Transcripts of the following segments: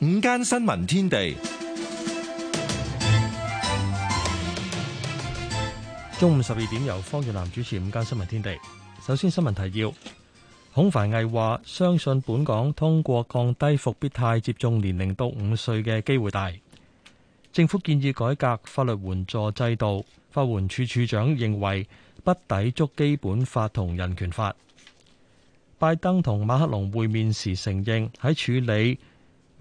午間新聞天地，中午十二點由方月南主持。午間新聞天地，首先新聞提要：孔繁毅話，相信本港通過降低復必泰接種年齡到五歲嘅機會大。政府建議改革法律援助制度。法援處處長認為不抵觸基本法同人權法。拜登同馬克龍會面時承認喺處理。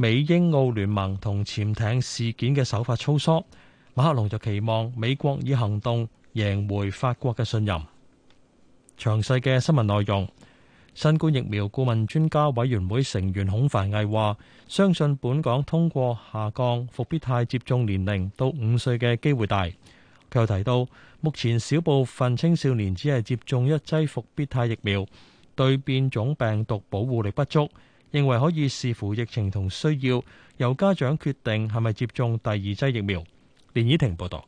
美英澳聯盟同潛艇事件嘅手法粗疏，馬克龍就期望美國以行動贏回法國嘅信任。詳細嘅新聞內容，新冠疫苗顧問專家委員會成員孔繁毅話：相信本港通過下降復必泰接種年齡到五歲嘅機會大。佢又提到，目前少部分青少年只係接種一劑復必泰疫苗，對變種病毒保護力不足。認為可以視乎疫情同需要，由家長決定係咪接種第二劑疫苗。連綺婷報道，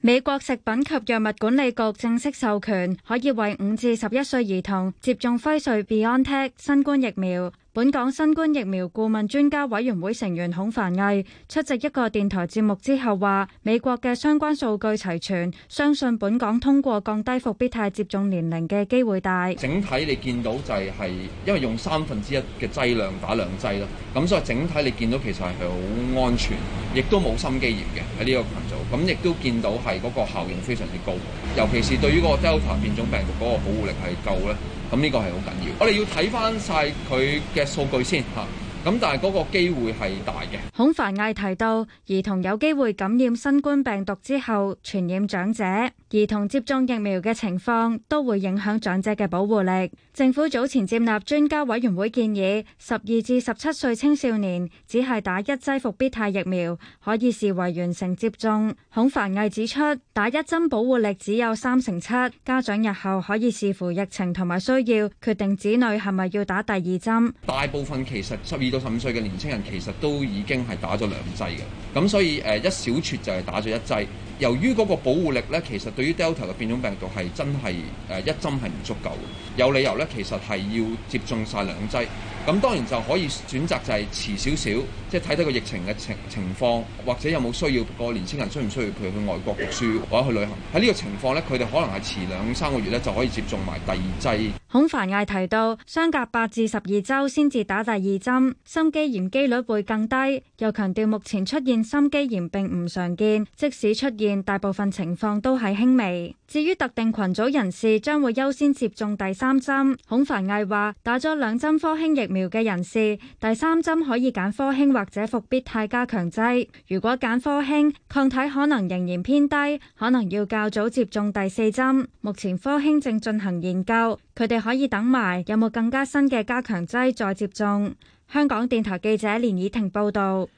美國食品及藥物管理局正式授權可以為五至十一歲兒童接種輝瑞 BioNTech 新冠疫苗。本港新冠疫苗顧問專家委員會成員孔繁毅出席一個電台節目之後話，美國嘅相關數據齊全，相信本港通過降低復必泰接種年齡嘅機會大。整體你見到就係係，因為用三分之一嘅劑量打兩劑咯，咁所以整體你見到其實係好安全，亦都冇心肌炎嘅喺呢個。咁亦都見到係嗰個效用非常之高，尤其是對於個 Delta 變種病毒嗰個保護力係夠咧，咁呢個係好緊要。我哋要睇翻晒佢嘅數據先吓。咁但係嗰個機會係大嘅。孔繁毅提到，兒童有機會感染新冠病毒之後傳染長者，兒童接種疫苗嘅情況都會影響長者嘅保護力。政府早前接納專家委員會建議，十二至十七歲青少年只係打一劑復必泰疫苗，可以視為完成接種。孔繁毅指出，打一針保護力只有三成七，家長日後可以視乎疫情同埋需要，決定子女係咪要打第二針，大部分其實十二。到十五歲嘅年青人，其實都已經係打咗兩劑嘅，咁所以誒一小撮就係打咗一劑。由於嗰個保護力呢，其實對於 Delta 嘅變種病毒係真係誒一針係唔足夠，有理由呢，其實係要接種晒兩劑。咁當然就可以選擇就係遲少少，即係睇睇個疫情嘅情情況，或者有冇需要、個年輕人需唔需要譬如去外國讀書或者去旅行，喺呢個情況呢，佢哋可能係遲兩三個月呢就可以接種埋第二劑。孔繁毅提到，相隔八至十二週先至打第二針，心肌炎機率會更低。又強調目前出現心肌炎並唔常見，即使出現。大部分情況都係輕微。至於特定群組人士將會優先接種第三針，孔凡毅話：打咗兩針科興疫苗嘅人士，第三針可以揀科興或者復必泰加強劑。如果揀科興，抗體可能仍然偏低，可能要較早接種第四針。目前科興正進行研究，佢哋可以等埋有冇更加新嘅加強劑再接種。香港電台記者連以婷報導。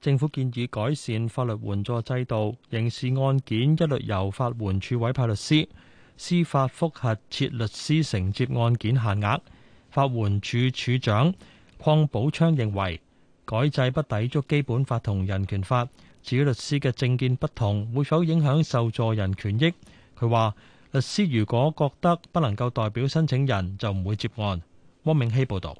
政府建議改善法律援助制度，刑事案件一律由法援處委派律師，司法覆核設律師承接案件限額。法援處處長鄺寶昌認為，改制不抵觸基本法同人權法，至於律師嘅政見不同，會否影響受助人權益？佢話：律師如果覺得不能夠代表申請人，就唔會接案。汪明希報導。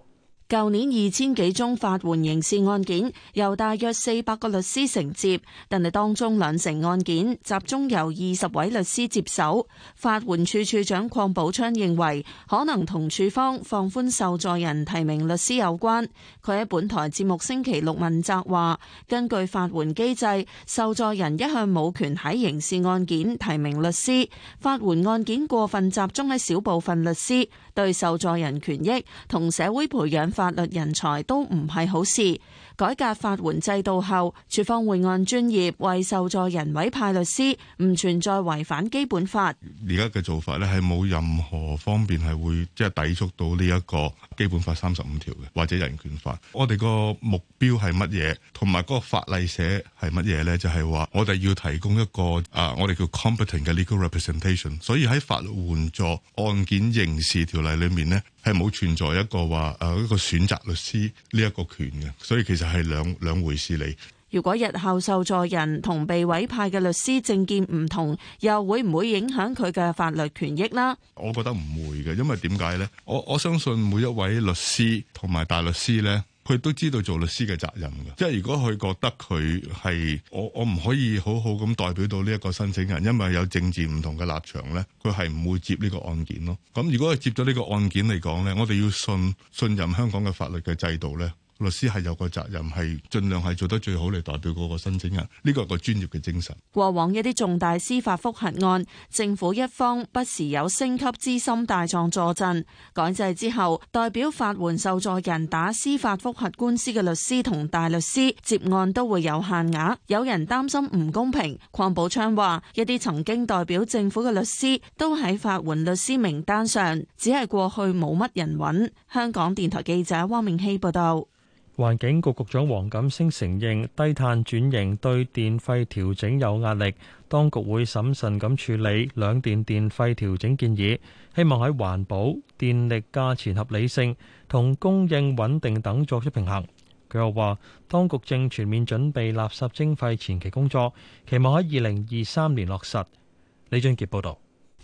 舊年二千幾宗法援刑事案件由大約四百個律師承接，但係當中兩成案件集中由二十位律師接手。法援處處長鄺寶昌認為，可能同處方放寬受助人提名律師有關。佢喺本台節目星期六問責話，根據法援機制，受助人一向冇權喺刑事案件提名律師，法援案件過分集中喺小部分律師，對受助人權益同社會培養法律人才都唔係好事。改革法援制度後，處方會按專業為受助人委派律師，唔存在違反基本法。而家嘅做法咧，係冇任何方面係會即係抵觸到呢一個基本法三十五條嘅，或者人權法。我哋個目標係乜嘢？同埋嗰個法例寫係乜嘢咧？就係話我哋要提供一個啊，我哋叫 competent 嘅 legal representation。所以喺法律援助案件刑事條例裏面咧。係冇存在一個話誒，一個選擇律師呢一個權嘅，所以其實係兩兩回事嚟。如果日後受助人同被委派嘅律師政見唔同，又會唔會影響佢嘅法律權益呢？我覺得唔會嘅，因為點解呢？我我相信每一位律師同埋大律師呢。佢都知道做律師嘅責任嘅，即係如果佢覺得佢係我，我唔可以好好咁代表到呢一個申請人，因為有政治唔同嘅立場咧，佢係唔會接呢個案件咯。咁如果佢接咗呢個案件嚟講咧，我哋要信信任香港嘅法律嘅制度咧。律師係有個責任，係盡量係做得最好嚟代表嗰個申請人。呢個係個專業嘅精神。過往一啲重大司法覆核案，政府一方不時有升級資深大狀助陣。改制之後，代表法援受助人打司法覆核官司嘅律師同大律師接案都會有限額。有人擔心唔公平。鄺寶昌話：一啲曾經代表政府嘅律師都喺法援律師名單上，只係過去冇乜人揾。香港電台記者汪明希報道。環境局局長黃錦星承認低碳轉型對電費調整有壓力，當局會審慎咁處理兩電電費調整建議，希望喺環保、電力價錢合理性同供應穩定等作出平衡。佢又話，當局正全面準備垃圾徵費前期工作，期望喺二零二三年落實。李俊傑報導。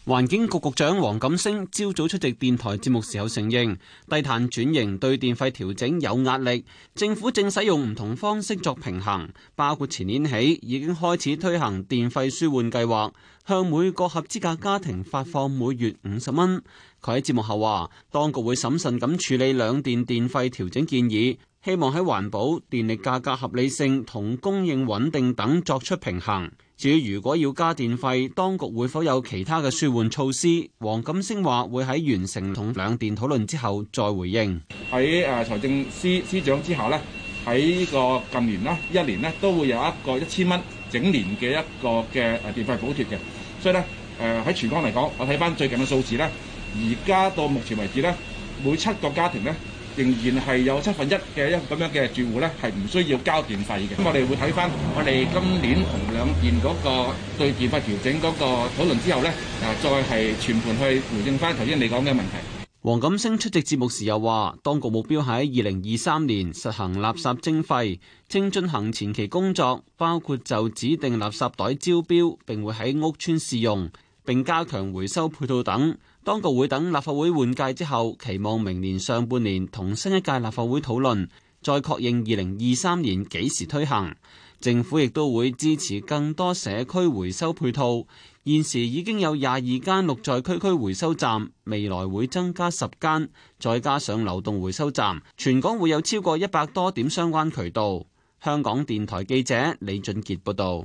環境局局長黃錦星朝早出席電台節目時候承認，低碳轉型對電費調整有壓力，政府正使用唔同方式作平衡，包括前年起已經開始推行電費舒緩計劃，向每個合資格家庭發放每月五十蚊。佢喺節目後話，當局會審慎咁處理兩電電費調整建議，希望喺環保、電力價格合理性同供應穩定等作出平衡。至於如果要加電費，當局會否有其他嘅舒緩措施？黃錦星話會喺完成同兩電討論之後再回應。喺誒財政司司長之下呢，喺呢個近年啦，一年呢都會有一個一千蚊整年嘅一個嘅誒電費補貼嘅，所以咧誒喺全港嚟講，我睇返最近嘅數字咧，而家到目前為止咧，每七個家庭咧。仍然係有七分一嘅一咁樣嘅住戶呢，係唔需要交電費嘅。咁我哋會睇翻我哋今年同兩電嗰個對電費調整嗰個討論之後呢，啊再係全盤去回應翻頭先你講嘅問題。黃錦星出席節目時又話，當局目標喺二零二三年實行垃圾徵費，正進行前期工作，包括就指定垃圾袋招標，並會喺屋邨試用，並加強回收配套等。當局會等立法會換屆之後，期望明年上半年同新一屆立法會討論，再確認二零二三年幾時推行。政府亦都會支持更多社區回收配套。現時已經有廿二間綠在區區回收站，未來會增加十間，再加上流動回收站，全港會有超過一百多點相關渠道。香港電台記者李俊傑報道。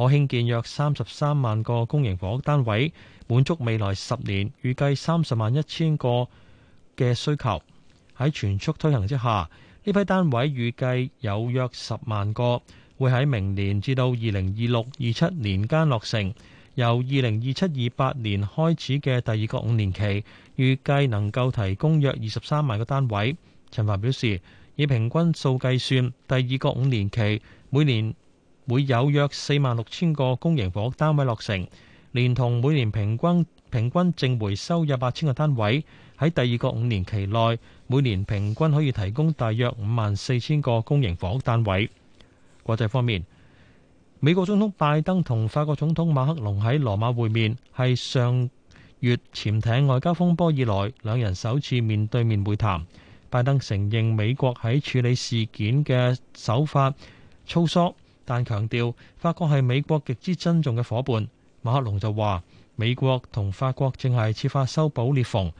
可興建約三十三萬個公營房屋單位，滿足未來十年預計三十萬一千個嘅需求。喺全速推行之下，呢批單位預計有約十萬個會喺明年至到二零二六二七年間落成。由二零二七二八年開始嘅第二個五年期，預計能夠提供約二十三萬個單位。陳帆表示，以平均數計算，第二個五年期每年。會有約四萬六千個公營房屋單位落成，連同每年平均平均淨回收約八千個單位，喺第二個五年期內，每年平均可以提供大約五萬四千個公營房屋單位。國際方面，美國總統拜登同法國總統馬克龍喺羅馬會面，係上月潛艇外交風波以來兩人首次面對面會談。拜登承認美國喺處理事件嘅手法粗疏。但強調法國係美國極之珍重嘅伙伴。馬克龍就話：美國同法國正係設法修補裂縫，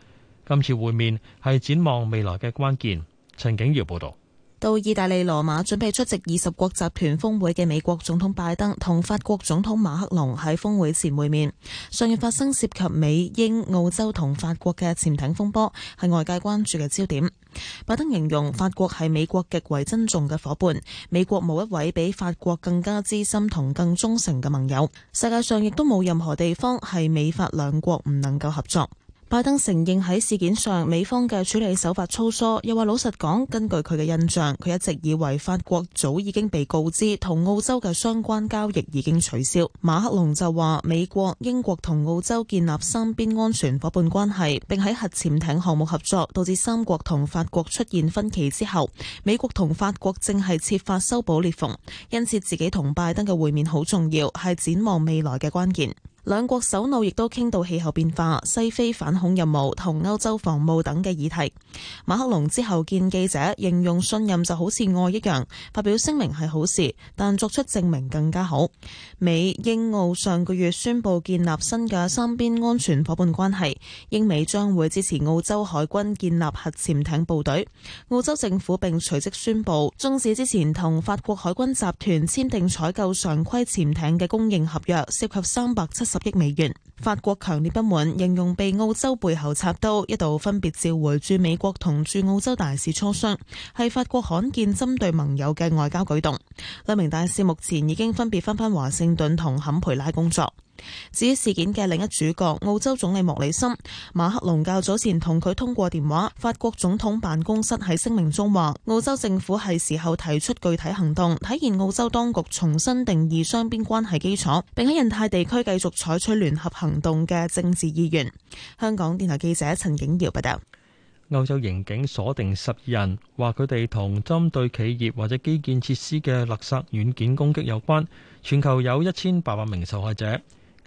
今次會面係展望未來嘅關鍵。陳景耀報道。到意大利羅馬準備出席二十國集團峰會嘅美國總統拜登同法國總統馬克龍喺峰會前會面。上月發生涉及美英澳洲同法國嘅潛艇風波，係外界關注嘅焦點。拜登形容法國係美國極為珍重嘅伙伴，美國無一位比法國更加資深同更忠誠嘅盟友。世界上亦都冇任何地方係美法兩國唔能夠合作。拜登承認喺事件上美方嘅處理手法粗疏，又話，老實講，根據佢嘅印象，佢一直以為法國早已經被告知同澳洲嘅相關交易已經取消。馬克龍就話，美國、英國同澳洲建立三邊安全伙伴關係，並喺核潛艇項目合作，導致三國同法國出現分歧之後，美國同法國正係設法修補裂縫，因此自己同拜登嘅會面好重要，係展望未來嘅關鍵。兩國首腦亦都傾到氣候變化、西非反恐任務同歐洲防務等嘅議題。馬克龍之後見記者，形容信任就好似愛一樣，發表聲明係好事，但作出證明更加好。美英澳上個月宣布建立新嘅三邊安全伙伴關係，英美將會支持澳洲海軍建立核潛艇部隊。澳洲政府並隨即宣布終止之前同法國海軍集團簽訂採購常規潛艇嘅供應合約，涉及三百七十十億美元，法國強烈不滿，形容被澳洲背後插刀，一度分別召回駐美國同駐澳洲大使磋商，係法國罕見針對盟友嘅外交舉動。兩名大使目前已經分別翻返華盛頓同坎培拉工作。至於事件嘅另一主角澳洲總理莫里森，馬克龍較早前同佢通過電話。法國總統辦公室喺聲明中話，澳洲政府係時候提出具體行動，體現澳洲當局重新定義雙邊關係基礎，並喺印太地區繼續採取聯合行動嘅政治意願。香港電台記者陳景瑤報道。歐洲刑警鎖定十二人，話佢哋同針對企業或者基建設施嘅勒索軟件攻擊有關。全球有一千八百名受害者。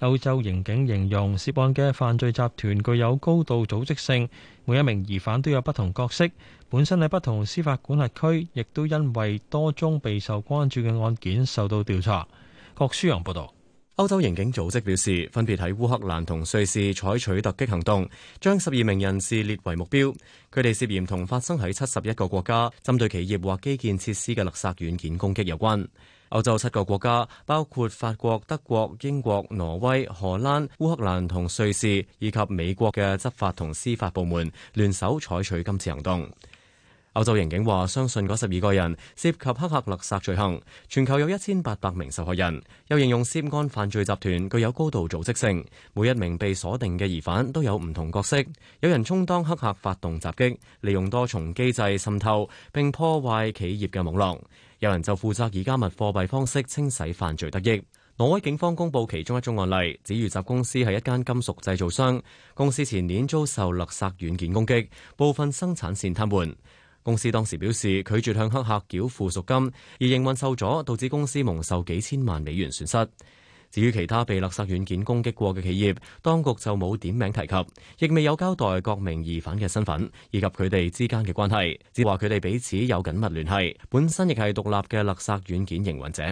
歐洲刑警形容涉案嘅犯罪集團具有高度組織性，每一名疑犯都有不同角色。本身喺不同司法管轄區，亦都因為多宗備受關注嘅案件受到調查。郭書洋報道。歐洲刑警組織表示，分別喺烏克蘭同瑞士採取突擊行動，將十二名人士列為目標。佢哋涉嫌同發生喺七十一個國家針對企業或基建設施嘅勒索軟件攻擊有關。歐洲七個國家，包括法國、德國、英國、挪威、荷蘭、烏克蘭同瑞士，以及美國嘅執法同司法部門，聯手採取今次行動。歐洲刑警話，相信嗰十二個人涉及黑客勒殺罪行，全球有一千八百名受害人，又形容涉案犯罪集團具有高度組織性。每一名被鎖定嘅疑犯都有唔同角色，有人充當黑客發動襲擊，利用多重機制滲透並破壞企業嘅網絡；有人就負責以加密貨幣方式清洗犯罪得益。挪威警方公布其中一宗案例，指預集公司係一間金屬製造商，公司前年遭受勒殺軟件攻擊，部分生產線癱瘓。公司當時表示拒絕向黑客繳付贖金，而營運受阻，導致公司蒙受幾千萬美元損失。至於其他被勒索軟件攻擊過嘅企業，當局就冇點名提及，亦未有交代各名疑犯嘅身份以及佢哋之間嘅關係，只話佢哋彼此有緊密聯繫，本身亦係獨立嘅勒索軟件營運者。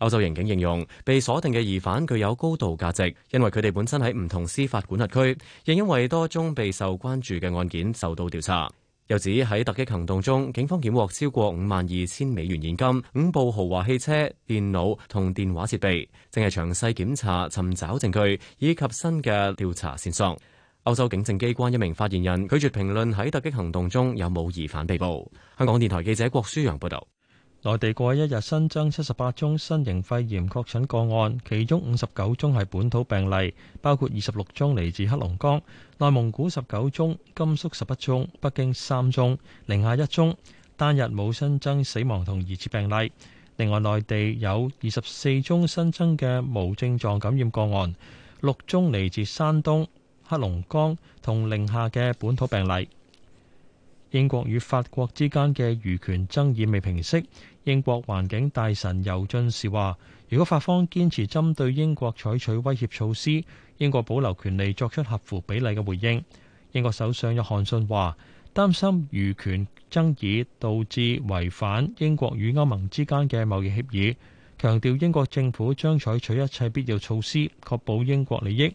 歐洲刑警形容被鎖定嘅疑犯具有高度價值，因為佢哋本身喺唔同司法管轄區，亦因為多宗備受關注嘅案件受到調查。又指喺突擊行動中，警方檢獲超過五萬二千美元現金、五部豪華汽車、電腦同電話設備，正係詳細檢查、尋找證據以及新嘅調查線索。歐洲警政機關一名發言人拒絕評論喺突擊行動中有冇疑犯被捕。香港電台記者郭舒洋報道。內地過去一日新增七十八宗新型肺炎確診個案，其中五十九宗係本土病例，包括二十六宗嚟自黑龍江、內蒙古十九宗、甘肅十一宗、北京三宗、寧夏一宗。單日冇新增死亡同疑似病例。另外，內地有二十四宗新增嘅無症狀感染個案，六宗嚟自山東、黑龍江同寧夏嘅本土病例。英國與法國之間嘅漁權爭議未平息，英國環境大臣尤俊士話：如果法方堅持針對英國採取威脅措施，英國保留權利作出合乎比例嘅回應。英國首相約翰遜話：擔心漁權爭議導致違反英國與歐盟之間嘅貿易協議，強調英國政府將採取一切必要措施確保英國利益。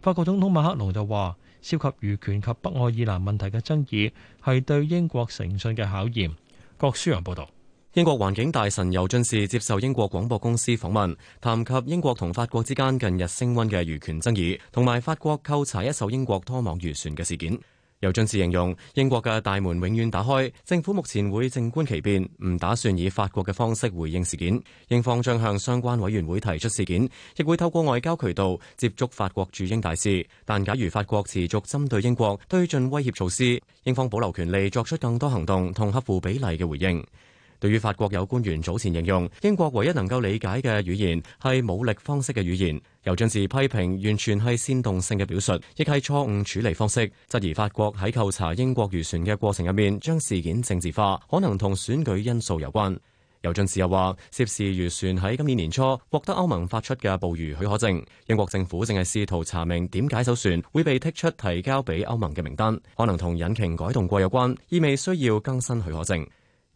法國總統馬克龍就話：涉及漁權及北愛爾蘭問題嘅爭議，係對英國誠信嘅考驗。郭舒揚報導，英國環境大臣尤俊士接受英國廣播公司訪問，談及英國同法國之間近日升温嘅漁權爭議，同埋法國扣查一艘英國拖網漁船嘅事件。有政治形容，英國嘅大門永遠打開，政府目前會靜觀其變，唔打算以法國嘅方式回應事件。英方將向相關委員會提出事件，亦會透過外交渠道接觸法國駐英大使。但假如法國持續針對英國推進威脅措施，英方保留權利作出更多行動同合乎比例嘅回應。對於法國有官員早前形容，英國唯一能夠理解嘅語言係武力方式嘅語言。尤俊治批評完全係煽動性嘅表述，亦係錯誤處理方式，質疑法國喺扣查英國漁船嘅過程入面將事件政治化，可能同選舉因素有關。尤俊治又話，涉事漁船喺今年年初獲得歐盟發出嘅捕魚許可證，英國政府正係試圖查明點解艘船會被剔出提交俾歐盟嘅名單，可能同引擎改動過有關，意味需要更新許可證。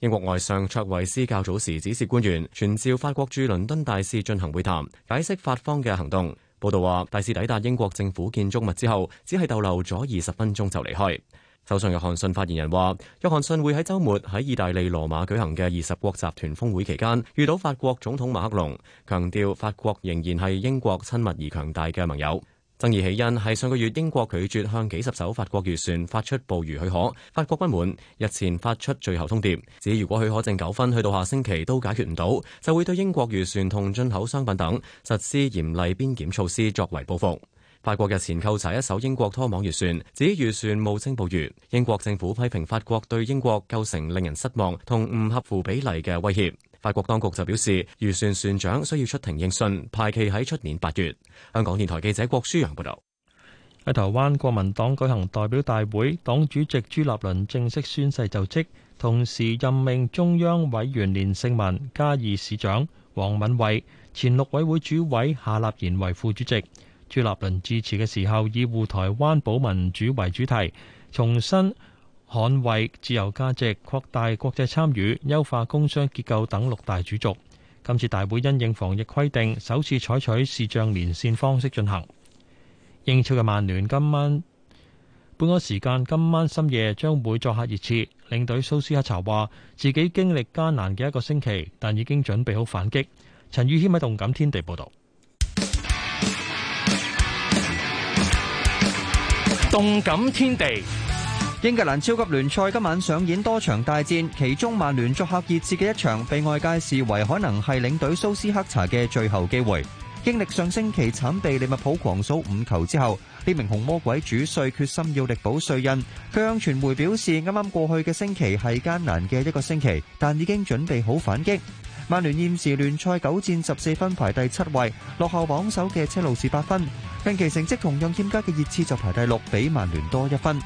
英國外相卓慧思較早時指示官員，傳召法國駐倫敦大使進行會談，解釋法方嘅行動。報道話，大使抵達英國政府建築物之後，只係逗留咗二十分鐘就離開。首相約翰遜發言人話，約翰遜會喺周末喺意大利羅馬舉行嘅二十國集團峰會期間，遇到法國總統馬克龍，強調法國仍然係英國親密而強大嘅盟友。爭議起因係上個月英國拒絕向幾十艘法國漁船發出捕魚許可，法國不滿，日前發出最後通牒，指如果許可證糾紛去到下星期都解決唔到，就會對英國漁船同進口商品等實施嚴厲邊檢措施，作為報復。法國日前扣查一艘英國拖網漁船，指漁船冒稱捕魚，英國政府批評法國對英國構成令人失望同唔合乎比例嘅威脅。法國當局就表示，預算船長需要出庭應訊，排期喺出年八月。香港電台記者郭舒洋報道。喺台灣，國民黨舉行代表大會，黨主席朱立倫正式宣誓就職，同時任命中央委員連勝文、嘉義市長黃敏惠、前陸委會主委夏立言為副主席。朱立倫致辭嘅時候，以護台灣、保民主為主題，重申。捍衛自由價值、擴大國際參與、優化工商結構等六大主軸。今次大會因應防疫規定，首次採取視像連線方式進行。英超嘅曼聯今晚本港時間，今晚深夜將會作客熱刺。領隊蘇斯克查話自己經歷艱難嘅一個星期，但已經準備好反擊。陳宇謙喺《動感天地》報道。動感天地。報英格蘭超級聯賽今晚上演多場大戰，其中曼聯作客熱刺嘅一場，被外界視為可能係領隊蘇斯克查嘅最後機會。經歷上星期慘被利物浦狂掃五球之後，呢名紅魔鬼主帥決心要力保帥印。佢向傳媒表示：啱啱過去嘅星期係艱難嘅一個星期，但已經準備好反擊。曼聯現時聯賽九戰十四分排第七位，落後榜首嘅車路士八分。近期成績同樣欠佳嘅熱刺就排第六，比曼聯多一分。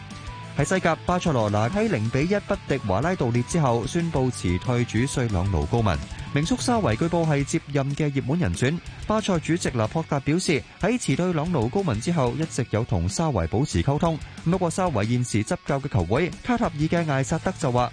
喺西甲巴塞羅那喺零比一不敵華拉杜列之後，宣布辭退主帥朗奴高文。名宿沙維據報係接任嘅熱門人選。巴塞主席納波達表示，喺辭退朗奴高文之後，一直有同沙維保持溝通。不過沙維現時執教嘅球會卡塔爾嘅艾薩德，德就話。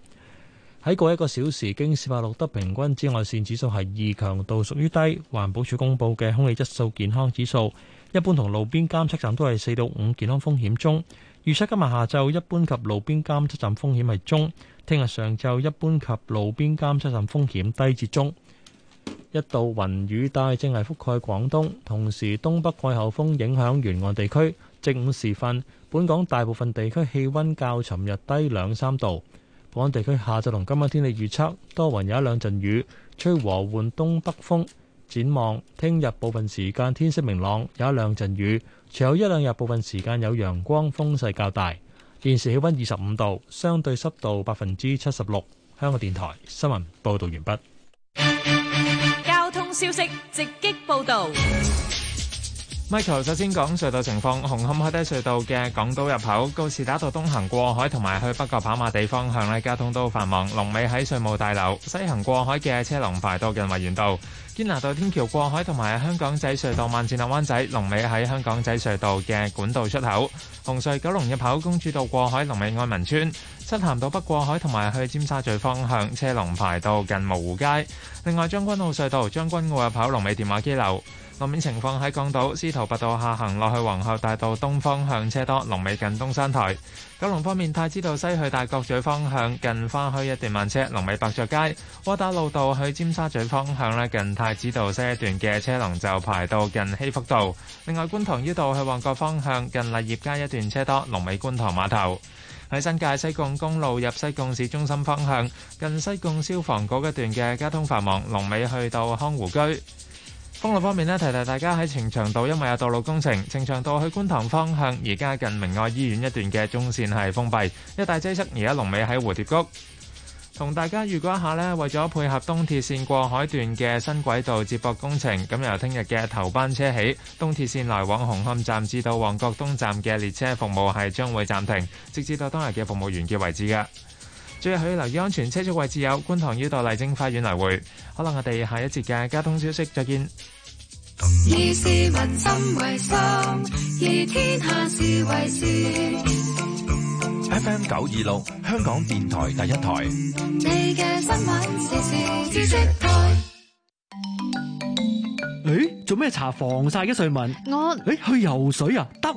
喺過一個小時，京士柏錄得平均紫外線指數係二，強度屬於低。環保署公布嘅空氣質素健康指數，一般同路邊監測站都係四到五，健康風險中。預測今日下晝一般及路邊監測站風險係中，聽日上晝一般及路邊監測站風險低至中。一道雲雨帶正係覆蓋廣東，同時東北季候風影響沿岸地區。正午時分，本港大部分地區氣温較尋日低兩三度。本港地區下晝同今晚天氣預測，多雲有一兩陣雨，吹和緩東北風。展望聽日部分時間天色明朗，有一兩陣雨，隨後一兩日部分時間有陽光，風勢較大。現時氣溫二十五度，相對濕度百分之七十六。香港電台新聞報道完畢。交通消息直擊報道。Michael 首先講隧道情況，紅磡海底隧道嘅港島入口告士打道東行過海同埋去北角跑馬地方向咧，交通都繁忙。龍尾喺稅務大樓，西行過海嘅車龍排到近維園道。堅拿道天橋過海同埋香港仔隧道萬字立灣仔，龍尾喺香港仔隧道嘅管道出口。紅隧九龍入口公主道過海，龍尾愛民村。漆咸道北過海同埋去尖沙咀方向車龍排到近蕪湖街。另外將軍澳隧道，將軍澳入口龍尾電話機樓。路面情況喺港島司徒拔道下行落去皇后大道東方向車多，龍尾近東山台。九龍方面太子道西去大角咀方向近花墟一段慢車，龍尾白雀街。窩打老道去尖沙咀方向咧，近太子道西一段嘅車龍就排到近希福道。另外觀塘呢度去旺角方向近麗業街一段車多，龍尾觀塘碼頭。喺新界西貢公路入西貢市中心方向，近西貢消防局一段嘅交通繁忙，龍尾去到康湖居。公路方面呢，提提大家喺呈祥道，因為有道路工程，呈祥道去觀塘方向而家近明愛醫院一段嘅中線係封閉，一帶擠塞，而家龍尾喺蝴蝶谷。同大家預告一下呢，為咗配合東鐵線過海段嘅新軌道接駁工程，咁由聽日嘅頭班車起，東鐵線來往紅磡站至到旺角東站嘅列車服務係將會暫停，直至到當日嘅服務完結為止嘅。最後要留意安全車速位置，有觀塘繞道麗晶花園來回。好啦，我哋下一節嘅交通消息，再見。以 FM 九二六，香港電台第一台。做咩搽防曬？嘅，瑞文，我誒、欸、去游水啊，得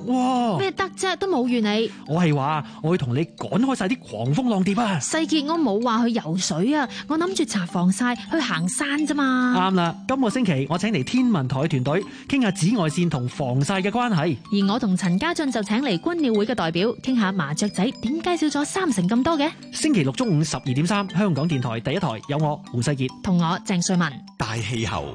咩得啫，都冇怨你。我係話，我要同你趕開晒啲狂風浪蝶啊！世杰，我冇話去游水啊，我諗住搽防曬去行山啫嘛。啱啦，今個星期我請嚟天文台嘅團隊傾下紫外綫同防曬嘅關係，而我同陳家俊就請嚟觀鳥會嘅代表傾下麻雀仔點減少咗三成咁多嘅。星期六中午十二點三，3, 香港電台第一台有我胡世杰同我鄭瑞文大氣候。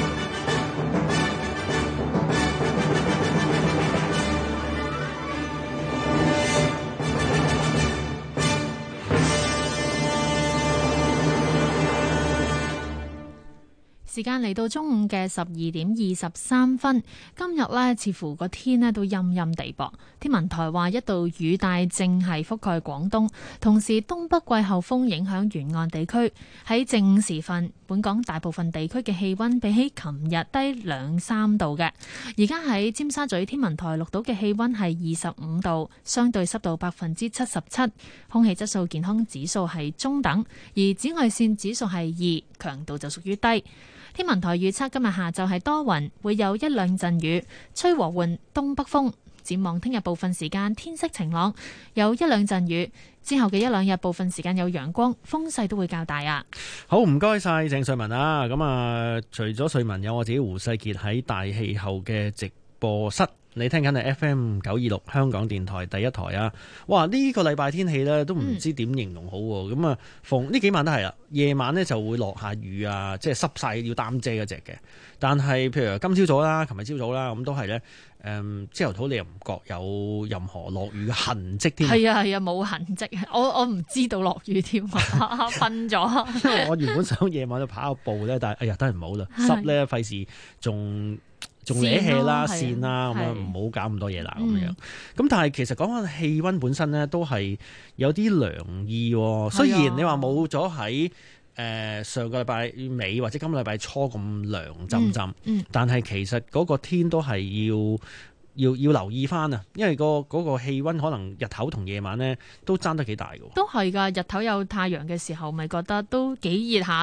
時間嚟到中午嘅十二點二十三分，今日呢似乎個天呢都陰陰地薄。天文台話一道雨帶正係覆蓋廣東，同時東北季候風影響沿岸地區。喺正午時分，本港大部分地區嘅氣溫比起琴日低兩三度嘅。而家喺尖沙咀天文台錄到嘅氣溫係二十五度，相對濕度百分之七十七，空氣質素健康指數係中等，而紫外線指數係二。強度就屬於低。天文台預測今日下晝係多雲，會有一兩陣雨，吹和緩東北風。展望聽日部分時間天色晴朗，有一兩陣雨。之後嘅一兩日部分時間有陽光，風勢都會較大啊。好，唔該晒鄭瑞文啊。咁啊，除咗瑞文，有我自己胡世傑喺大氣候嘅直播室。你聽緊係 FM 九二六香港電台第一台啊！哇，這個、呢個禮拜天氣咧都唔知點形容好咁啊。逢呢幾晚都係啦，夜晚咧就會落下雨啊，即係濕晒要擔遮嗰隻嘅。但係譬如今朝早啦、琴日朝早啦，咁都係咧。誒，朝頭早你又唔覺有任何落雨嘅痕迹添？係啊係啊，冇、啊啊、痕迹。我我唔知道落雨添 啊，瞓咗。 我原本想夜晚去跑下步咧，但係哎呀，得唔好啦，濕咧費事仲。 仲惹氣啦，線啦咁樣唔好是搞咁多嘢啦咁樣咁，但係其實講翻氣溫本身咧，都係有啲涼意。嗯、雖然你話冇咗喺誒上個禮拜尾或者今個禮拜初咁涼浸浸，嗯嗯、但係其實個天都係要要要留意翻啊，因為個個氣溫可能日頭同夜晚咧都爭得幾大嘅。都係㗎，日頭有太陽嘅時候咪覺得都幾熱下。